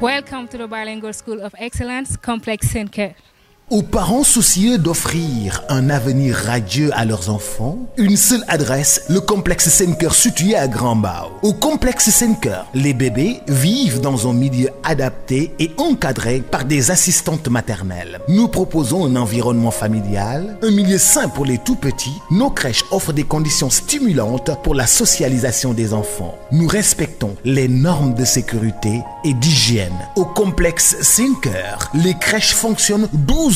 Welcome to the Bilingual School of Excellence, Complex Center. Aux parents soucieux d'offrir un avenir radieux à leurs enfants, une seule adresse, le complexe Senker situé à Grand Au complexe Senker, les bébés vivent dans un milieu adapté et encadré par des assistantes maternelles. Nous proposons un environnement familial, un milieu sain pour les tout-petits. Nos crèches offrent des conditions stimulantes pour la socialisation des enfants. Nous respectons les normes de sécurité et d'hygiène. Au complexe Senker,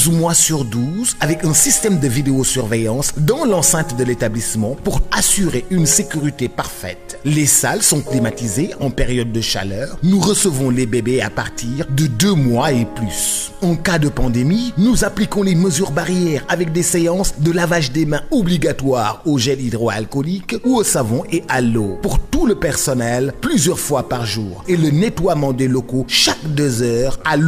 12 mois sur 12 avec un système de vidéosurveillance dans l'enceinte de l'établissement pour assurer une sécurité parfaite. Les salles sont climatisées en période de chaleur. Nous recevons les bébés à partir de 2 mois et plus. En cas de pandémie, nous appliquons les mesures barrières avec des séances de lavage des mains obligatoires au gel hydroalcoolique ou au savon et à l'eau pour tout le personnel plusieurs fois par jour et le nettoiement des locaux chaque deux heures à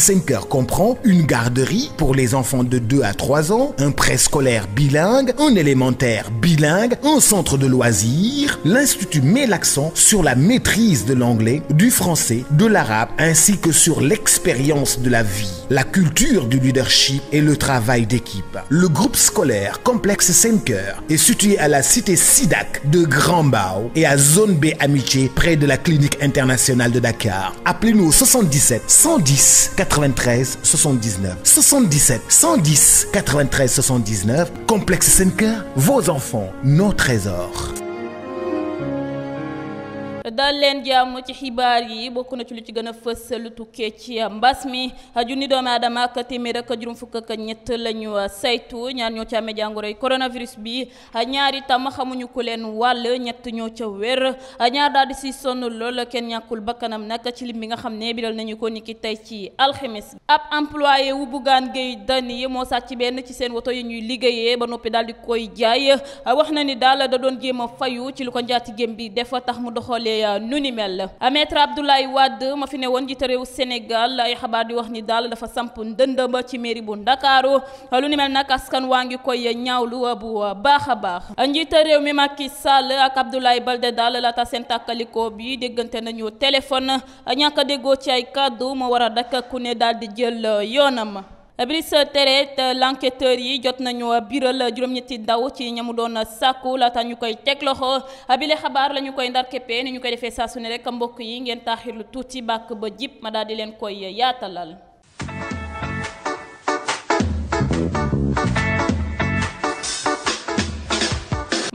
Senker comprend une garderie pour les enfants de 2 à 3 ans, un préscolaire bilingue, un élémentaire bilingue, un centre de loisirs. L'Institut met l'accent sur la maîtrise de l'anglais, du français, de l'arabe, ainsi que sur l'expérience de la vie, la culture du leadership et le travail d'équipe. Le groupe scolaire Complexe Senker est situé à la cité SIDAC de Grand Bao et à Zone B Amitié près de la clinique internationale de Dakar. Appelez-nous au 77 93 79 77 110 93 79 complexe Senker vos enfants nos trésors dal leen jàmm ci xibaar yi bokk na ci lu ci gën a fës lu tukkee ci mbas mi a ni doomu aadama ak téeméer ak juróom fukk ak ñett la ñu saytu ñaar ñoo ci amee jàngoroy coronavirus bi ñaar itam xamuñu ku leen wàll ñett ñoo ca wér ñaar daal si sonn lool kenn ñàkkul bakkanam nag ci lim mi nga xam ne biral nañu ko niki tey ci alxemes ab employé wu Bougane Gueye Dany moo sàcc benn ci seen woto yi ñuy liggéeyee ba noppi daal di koy jaay wax na ni daal da doon jéem a fayu ci lu ko bi def tax mu doxalee nu ni mel ah, maître Abdoulaye Wade ma fi ne woon jiite réew Sénégal ay xabaar di wax ni daal dafa samp ndëndëm ci mairie bu Ndakaaru ah, lu ni mel nag askan waa ngi koy lu bu baax a baax ah, njiite réew mi Macky Sall ak Abdoulaye Balde daal laata seen tàkkalikoo bi déggante nañu téléphone ñàkk a déggoo ci ay kàddu ma war a dakk ku ne daal jël yoonam sa Terret l'enquêteur yi jot nañu biral juróom-ñetti ndaw ci ñamu doon sàkku laata ñu koy teg loxo bile xabaar lañu koy ndar képpee ni ñu koy defee saa su ne rek mbokk yi ngeen lu tuuti bàkk ba jib ma daal di leen koy yaatalal.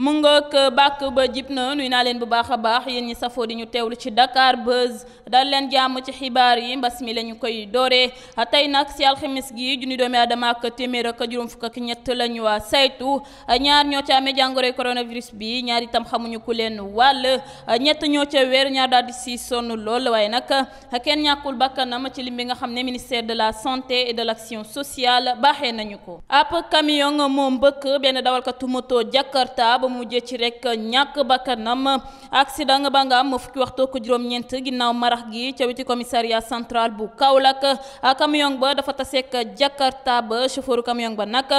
mu ngoog bàkk ba jib na nuy naa leen bu baax a baax yéen ñi safoo di ñu teewlu ci Dakar Buzz dal leen jàmm ci xibaar yi mbas mi la ñu koy dooree tey nag si alxamis gi junni doomi aadama ak téeméer ak juróom fukk ak ñett la ñu saytu ñaar ñoo ca amee jàngoroy coronavirus bi ñaar tam xamuñu ku leen wàll ñett ñoo ca wéer ñaar daal di si sonn lool waaye nag kenn ñàkkul bakkanam ci lim bi nga xam ne ministère de la santé et de l' action sociale baaxee ko mujjee ci rek ñàkk bakkanam accident ba nga am fukki waxtu ko juróom-ñeent ginnaaw marax gi ca witi commissariat central bu Kaolack camion ba dafa taseek Jakarta ba chauffeur camion ba nag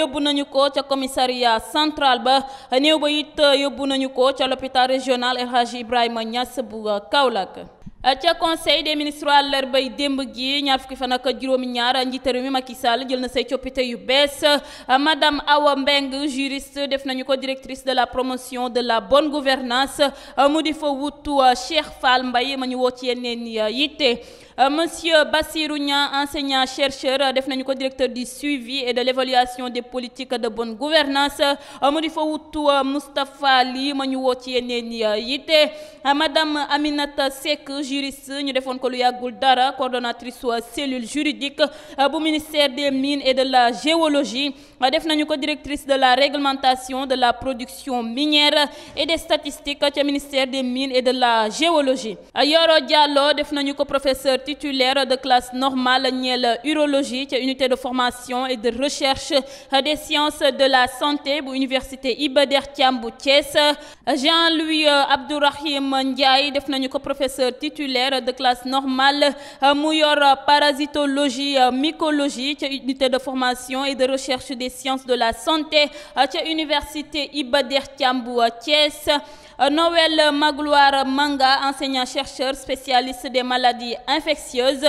yóbbu nañu ko ca commissariat central ba néew ba it yóbbu nañu ko ca l'hôpital régional El Hadji Ibrahima Niass bu Kaolack Euh, ca conseil des ministres àllar bay démb gi ñaar fukki fa ak juróomi ñaar njiitu réew mi Macky Sall jël na say coppite yu bees euh, madame Awa Mbeng juriste def nañu ko directrice de la promotion de la bonne gouvernance euh, mu di fa wutu Cheikh Fall Mbaye ma ñu woo ci yi te Euh, monsieur Bassirou Niang enseignant chercheur def nañu ko directeur du suivi et de l'évaluation des politiques de bonne gouvernance euh, mu di fa wutu euh, Moustapha Ly ma ñu woo ci yeneen yitte madame aminat Seck juriste ñu defoon ko lu yàggul dara coordonnatrice cellule juridique bu ministère des mines et de la géologie def nañu ko directrice de la réglementation de la production minière et des statistiques ca ministère des mines et de la géologie Yoro Diallo def nañu titulaire de classe normale ñeel urologie ca unité de formation et de recherche des sciences de la santé bu université Iba Der Thiam bu Thiès Jean-Louis euh, Abdourahim Ndiaye def nañu ko professeur titulaire de classe normale euh, mu yor parasitologie euh, mycologie ca unité de formation et de recherche des sciences de la santé ca université Iba Der Thiam bu Thiès Noël Magloire Manga enseignant chercheur spécialiste des maladies infectieuses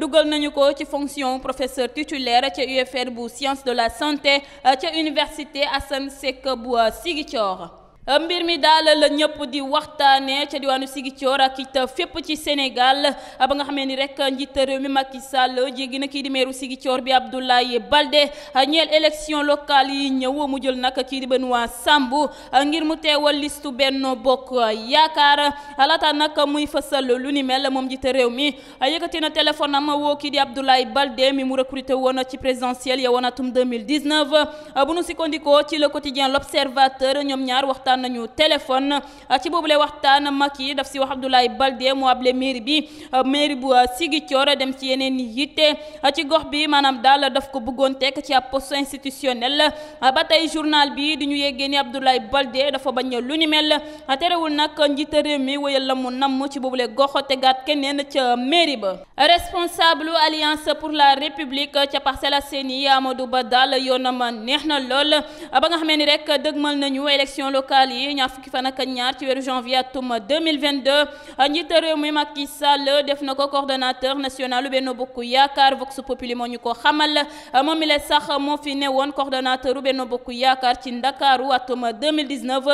dugal nañu ko ci fonction professeur titulaire ca UFR bu science de la santé ca université Assane Seck bu Ziguinchor mbir mi daal la ñëpp di waxtaanee ca diwaanu Sigicoor ak it fépp ci Sénégal ba nga xamee ni rek njiit réew mi Macky Sall jéggi na kii di meeru Sigicoor bi Abdoulaye Balde ñeel élection locale yi ñëw mu jël nag kii di Benoît Sambou ngir mu teewal listu Benno Bokk Yaakaar laata nag muy fësal lu ni mel moom njiit réew mi yëkkati na téléphone woo kii di Abdoulaye Balde mi mu recruté woon ci présidentielle ya woon atum 2019 bu nu sukkandikoo ci le quotidien l'Observateur ñoom ñaar waxtaan waxtaan nañu téléphone ah, ci boobule waxtaan Macky daf si wax Abdoulaye Baldé mu able mairie bi ah, mairie bu ah, Ziguinchor dem ci yeneen yitte ci gox bi maanaam daal daf ko bëggoon tekk ci ab poste institutionnel ba tey journal bi di ñu yeggee ni Abdoulaye Baldé dafa bañ lu ni mel terewul nag njiita réew mi wéyal la mu namm ci boobule gox tegaat keneen ca mairie ba responsable alliance pour la république ca Parcelles Assainies Amadou Ba daal yoonam neex na lool ba nga locale yi ñaar fukki fan ak ñaar ci weeru janvier atum 2022 njiit réew mi Macky Sall def na ko coordonnateur national Benno Bokk Yaakaar Vox Populi moo ñu ko xamal moom mi la sax moo fi ne woon coordonnateur Benno Bokk Yaakaar ci Ndakaaru atum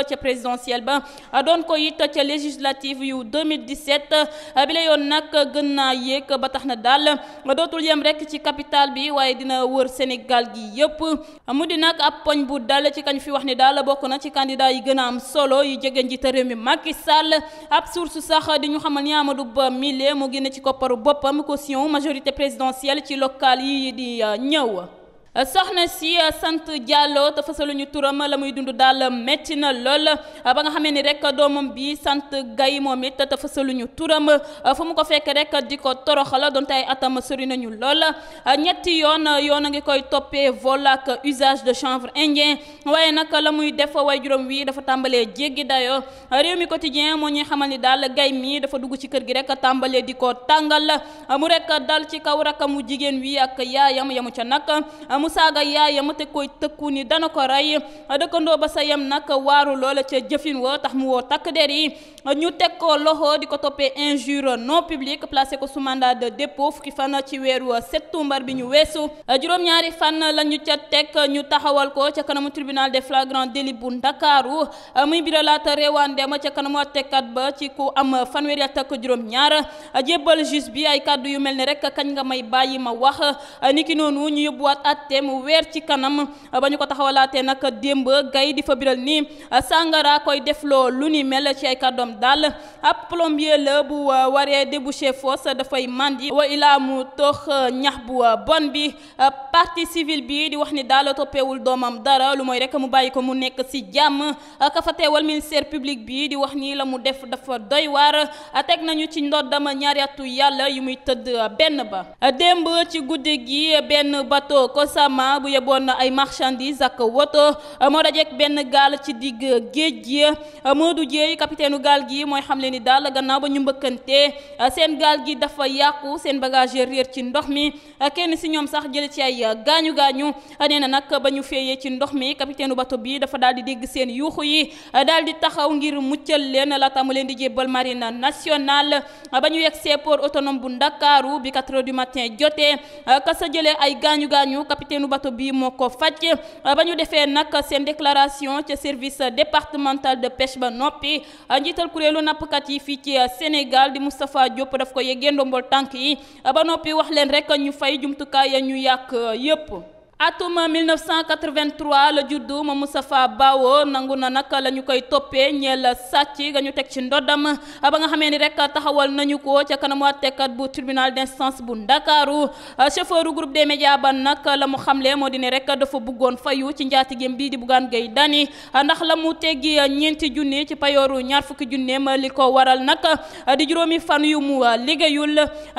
ca présidentielle ba doon ko it ca législative yu 2017 bi yoon nag gën naa yéeg ba tax na daal dootul yem rek ci capital bi waaye dina wër Sénégal gi yëpp mu di nag ab poñ bu dal ci kañ fi wax ni daal bokk na ci a am solo yu jege ji réew mi Macky Sall ab source sax di ñu xamal ni Amadou Ba mile mu génne ci kopparu boppam caution majorité présidentielle ci local yi di euh, ñëw. Euh, soxna si euh, sant Diallo te fasaluñu turam la muy dund daal métti na lool euh, ba nga xamee ni rek doomam bi sant gay moom it te fasaluñu turam fu mu ko fekk rek di ko toroxal donte ay atam sori nañu lool ñetti yoon yoon a ngi koy toppee vol ak usage de chanvre indien waaye nag la muy def way juróom wi dafa tàmbalee jéggi dayoo réew mi quotidien moo ñuy xamal ni daal gay mi dafa dugg ci kër gi rek tàmbalee di ko tàngal la mu rek dal ci kaw rakam mu jigéen wi ak yaayam yamu ca nag. mu saaga yaayam te koy tëkku ni dana ko rey dëkkandoo ba sa yem nag waaru loola ca jëfin wa tax mu woo takk der yi ñu teg ko loxo di ko toppee injure non publique placé ko su mandat de dépôt fukki fan ci weer weeru septembre bi ñu weesu juróom-ñaari fan la ñu ca teg ñu taxawal ko ca kanamu tribunal des flagrants délits bu Ndakaaru muy biralaat réewande ma ca kanamu attekat ba ci ku am fanweeri at ak juróom-ñaar jébbal juge bi ay kàddu yu mel ni rek kañ nga may bàyyi ma wax niki noonu atem weer ci kanam ba ñu ko taxawalaatee nag démb gay di fa biral nii sàngara koy defloo lu ni mel ci ay kàddoom daal ab plombier la bu euh, waree débouché fosse dafay mandi wa ilaa mu toox euh, ñax bu euh, bon bi parti civile bi di wax ni daal toppeewul doomam dara lu mooy rek mu bàyyi ko mu nekk si jàmm ka fa teewal ministère public bi di wax nii la mu def dafa doy waar teg nañu ci ndoddam ñaari atu yàlla yu muy tëdd benn ba démb ci guddi gi benn bateau notamment bu yeboon ay marchandises ak woto moo dajeek benn gaal ci digg géej gi Modou Dieye capitaine gaal gi mooy xam leen ni daal gannaaw ba ñu mbëkkante seen gaal gi dafa yàqu seen bagage réer ci ndox mi kenn si ñoom sax jële ci ay gaañu gaañu nee na nag ba ñu feeyee ci ndox mi capitaine bato bi dafa daal di dégg seen yuuxu yi daal di taxaw ngir muccal leen laata mu leen di jébbal marine nationale ba ñu yegg see port otonom bu Ndakaaru bi 4 heures du matin jotee ay gaañu capitaine bato bi moo ko faj euh, ba ñu defee nag seen déclaration ca service départemental de pêche ba noppi euh, njiital kuréelu nappkat yi fii ci euh, Sénégal di Moustapha Diop daf ko yeggee ndombol tànk yi ba noppi wax leen rek ñu fay jumtukaay ya ñu yàq yëpp. atum 1983 la juddu ma Moustapha Bawo nangu na nag la ñu koy toppee ñeel sàcc nga ñu teg ci ndoddam ba nga xamee ni rek taxawal nañu ko ca kanamu àttekat bu tribunal d'instance bu Ndakaaru chauffeuru groupe des médias ba nag la mu xamle moo di ne rek dafa bëggoon fayu ci njaatigéem bii di buggaan Gueye Dany ndax la mu teggi ñeenti junni ci payooru ñaar fukki junneem li ko waral nag di juróomi fan yu mu liggéeyul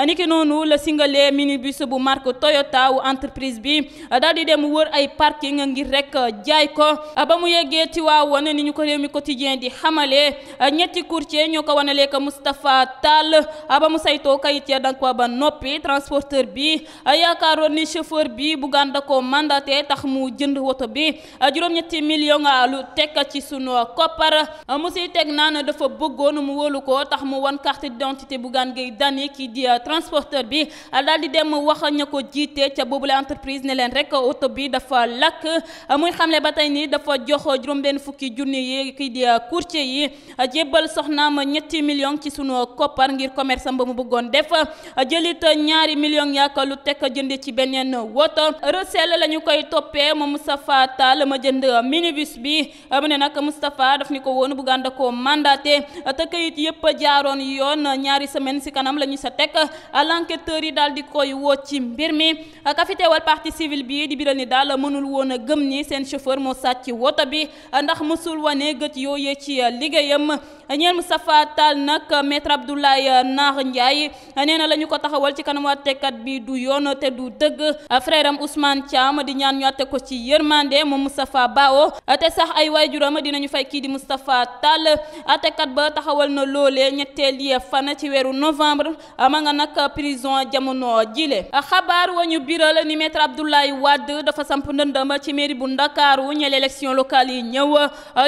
niki noonu la singale minibus bu marque to wu entreprise bi daal di dem wër ay parking ngir rek euh, jaay ko euh, ba mu yeggee Tiwaawan ni ñu ko réew mi quotidien di xamale euh, ñetti courtier ñoo ko wanalee ko Moustapha Tall ba mu saytoo kayit ya danga ko ba noppi transporteur bi yaakaaroon ni chauffeur bi buggaan da ko mandaté tax mu jënd woto bi juróom-ñetti million lu teg ci sunu koppar mu siy teg naan dafa bëggoon mu wóolu ko tax mu wan carte d'identité Bougane Gueye Dany kii di transporteur bi daal di dem wax ña ko jiite ca boobule entreprise ne leen rek oto bi dafa lakk muy xamle ba tey nii dafa jox juróom-benn fukki junni yi kii di uh, courtier yi uh, jébbal ma ñetti million ci sunu koppar ngir commerce ba mu bëggoon def uh, jëlit ñaari million yaak lu teg jënd ci beneen woto recel la ñu koy toppee ma Moustapha Tall ma jënd minibus bi am ne nag Moustapha daf ni ko woon bu gànd ko mandaté te kayit yëpp jaaroon yoon ñaari semaine si kanam la ñu sa teg l'enquêteur yi daal di koy woo ci mbir mi Guèye di biral ni daal mënul woon a gëm ni seen chauffeur moo sàcc woto bi ndax mësul wane gët yooyee ci liggéeyam ñeel Moustapha Tall nag maître Abdoulaye Nar Ndiaye nee na la ko taxawal ci kanam àttekat bi du yoon te du dëgg frère am Ousmane Thiam di ñaan ñu àtte ko ci yërmande moom Moustapha Bao te sax ay waajuram dinañu fay kii di Moustapha Tall àttekat ba taxawal na loole loolee ñetteeli fan ci weeru novembre ma nga nag prison jamono jile xabaar Wade dafa samp ndëndama ci mairie bu Ndakaaru ñeel élection locale yi ñëw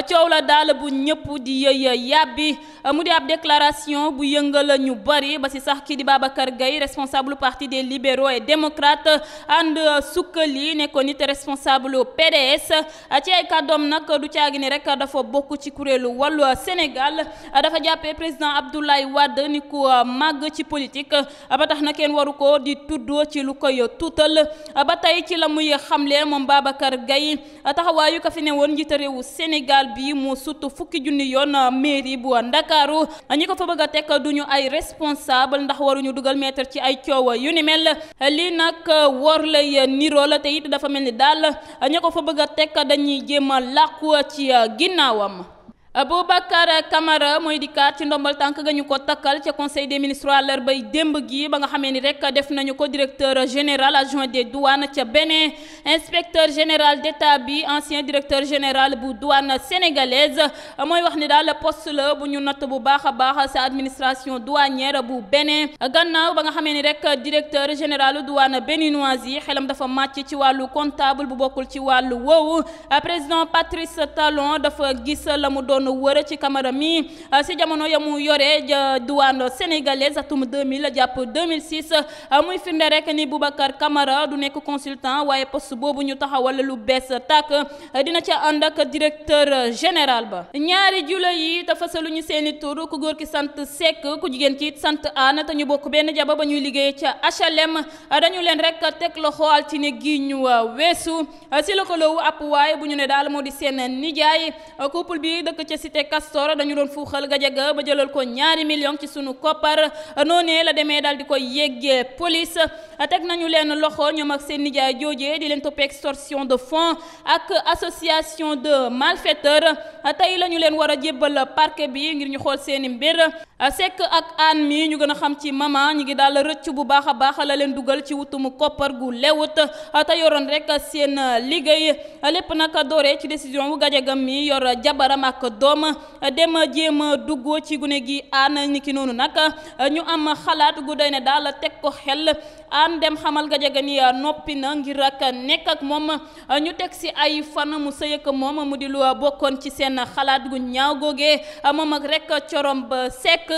coow la daal bu ñëpp di yëy mu di ab déclaration bu yëngal ñu bari ba ci sax kii di Babacar Gueye responsable parti des libéraux et démocrates ànd sukkali nekkoon it responsable PDS ci ay kàddoom nag du caagi ni rek dafa bokk ci kuréelu wàllu Sénégal dafa jàppee président Abdoulaye Wade ni ku màgg ci politique ba tax na kenn waru ko di tudd ci lu koy tuutal ba tey ci la muy xamle moom Babacar Gaye taxawaayu ka fi ne woon njiite réewu Sénégal bi mu sut fukki junni yoon mairie bu Ndakaaru ñi ko fa bëgg a teg duñu ay responsable ndax waruñu dugal maître ci ay coowa yu ni mel lii nag wor lay niroo la te it dafa mel ni daal ña ko fa bëgg a teg dañuy jéem a làqu ci ginnaawam Boubacar Camara mooy dikkaat ci ndombal tànk ga ñu ko takkal ca conseil des ministres àllar bay démb gi ba nga xamee ni rek def nañu ko directeur général adjoint de douanes ca Bénin inspecteur général d'état bi ancien directeur général bu douane sénégalaise mooy wax ni daal poste la bu ñu natt bu baax a baax sa administration douanière bu Bénin gannaaw ba nga xamee ni rek directeur général douane béninoise yi xelam dafa màcc ci wàllu comptable bu bokkul ci wàllu woowu président Patrice Talon dafa gis la mu doon doon wër ci Camara mi ah, si jamono ya mu yore duwaan sénégalaise atum 2000 jàpp 2006 ah, muy firnde rek ni Boubacar Camara du nekk consultant waaye poste boobu ñu taxaw taxawal lu bees tàkk ah, dina ca ànd ak directeur général ba ñaari jula yi te fasalu ñu seeni tur ku góor ki sant Seck ku jigéen ki sant Anne te ñu bokk benn jaba ba ñuy liggéey ca a dañu leen rek teg loxo altine gi ñu weesu si lëkkaloowu ab waay bu ñu ne daal moo di seen ca cité Castor dañu doon fuuxal Gadiaga ba jëlal ko ñaari million ci sunu koppar noonee la demee daal di koy yéggee police teg nañu leen loxo ñoom ak seen nijaay joojee di leen toppee extorsion de fonds ak association de a tey lañu leen war a jébbal parquet bi ngir ñu xool seeni mbir Seck ak Anne mi ñu gën a xam ci mama ñu ngi daal rëcc bu baax a baax la leen dugal ci wutum koppar gu lewut te yoroon rek seen liggéey lépp nag dooree ci décision bu doom dem jéem a duggoo ci gune gi aan ni ki noonu nag ñu am xalaat gu day ne daal teg ko xel aan dem xamal Gadiaga ni noppi na ngir ak nekk ak moom ñu teg si ay fan mu sëy ak moom mu di lu bokkoon ci seen xalaat gu ñaaw googee moom rek corom ba sekk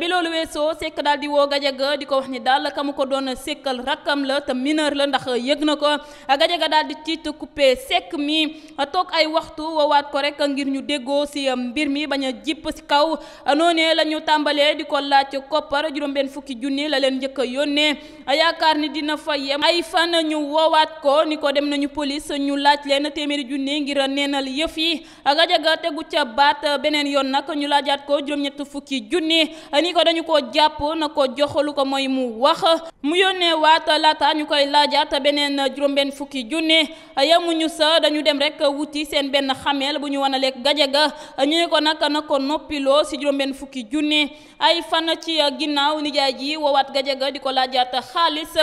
bi loolu weesoo sekk daal di woo Gadiaga di ko wax ni daal ka mu ko doon sekkal rakkam la te mineur la ndax yëg na ko Gadiaga daal di tiit coupé sekk mi toog ay waxtu woowaat ko rek ngir ñu déggoo si ci mbir mi bañ a jipp si kaw noonee la ñu tàmbalee di ko laaj koppar juróom-benn fukki junni la leen njëkk a yónnee yaakaar ni dina fa yem ay fan ñu woowaat ko ni ko dem nañu police ñu laaj leen a téeméeri junni ngir neenal yëf yi gajaga tegu ca baat beneen yoon nag ñu laajaat ko juróom-ñett fukki junni ni ko dañu ko jàpp na ko joxalu ko mooy mu wax mu yónnee waat laata ñu koy laajaat beneen juróom-benn fukki junni yamuñu sa dañu dem rek wuti seen benn xameel bu ñu wanalee gajaga ñu ne ko nag na ko noppiloo si juróom-benn fukki junne ay fan ci ginnaaw nijaay ji woowaat gajaga di ko laajaat xaalis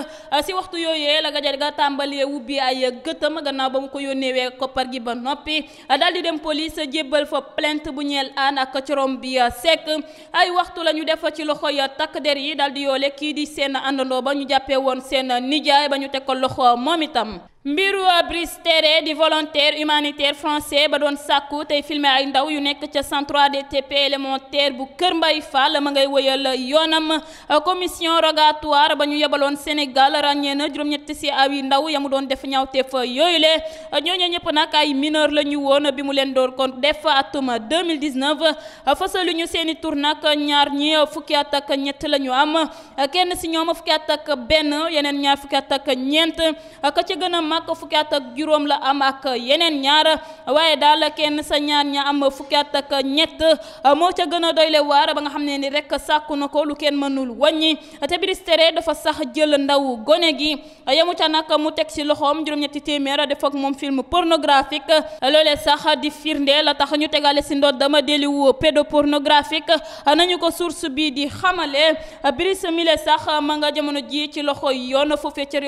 si waxtu yooyee la gajaga tàmbalee wubbi ay gëtëm gannaaw ba mu ko yónneewee koppar gi ba noppi daal di dem police jébbal fa plainte bu ñeel aan ak corom bi sekk ay waxtu lañu ñu def ci loxo ya takk der yi daal di yoole kii di seen àndandoo ba ñu jàppee woon seen nijaay ba ñu teg ko loxo moom itam mbiru Brice Terre di volontaire humanitaire français ba doon sàkku tey filmer ay ndaw yu nekk ca cent 3DTP élémentaire bu Kër Mbay Fall ma ngay wëyal yoonam commission rogatoire ba ñu yebaloon Sénégal ràññee na juróom-ñetti si ay ndaw ya mu doon def ñaawteef yooyu le ñooñu ñëpp nag ay mineur la ñu woon bi mu leen doon kon def atum 2019 fasalu ñu seeni i tur nag ñaar ñi fukki at ak ñett lañu ñu am kenn si ñoom fukki at takk benn yeneen ñaar fukki ñeent am ak fukki ak juróom la am ak yeneen ñaar waaye daal kenn sa ñaar ña am fukki at ak ñett moo ca gën a doyle waar ba nga xam ne ni rek sàkku na ko lu kenn mënul wàññi te ministère dafa sax jël ndaw gone gi yemu ca nag mu teg ci loxoom juróom-ñetti téeméer def ak moom film pornographique loolee sax di firnde la tax ñu tegale si ndox dama a na ñu ko source bi di xamale Brice Mille sax ma nga jamono ji ci loxo yoon foofee ca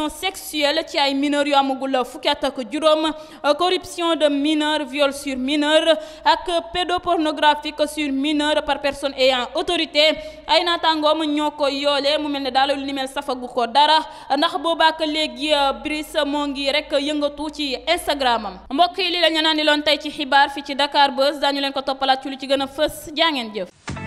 agression sexuelle ci ay mineurs yu amagul fukki at ak juróom corruption de mineurs viol sur mineur ak pédopornographique sur mineur par personne ayant autorité ay ma ñoo ko yoolee mu mel ni daal lu ni mel safagu ko dara ndax boobaak léegi Brice moo ngi rek yëngatu ci Instagram am mbokk yi li la ñu naan di loon tey ci xibaar fi ci Dakar Buzz daañu leen ko toppalaat ci lu ci gën fës jaa ngeen jëf.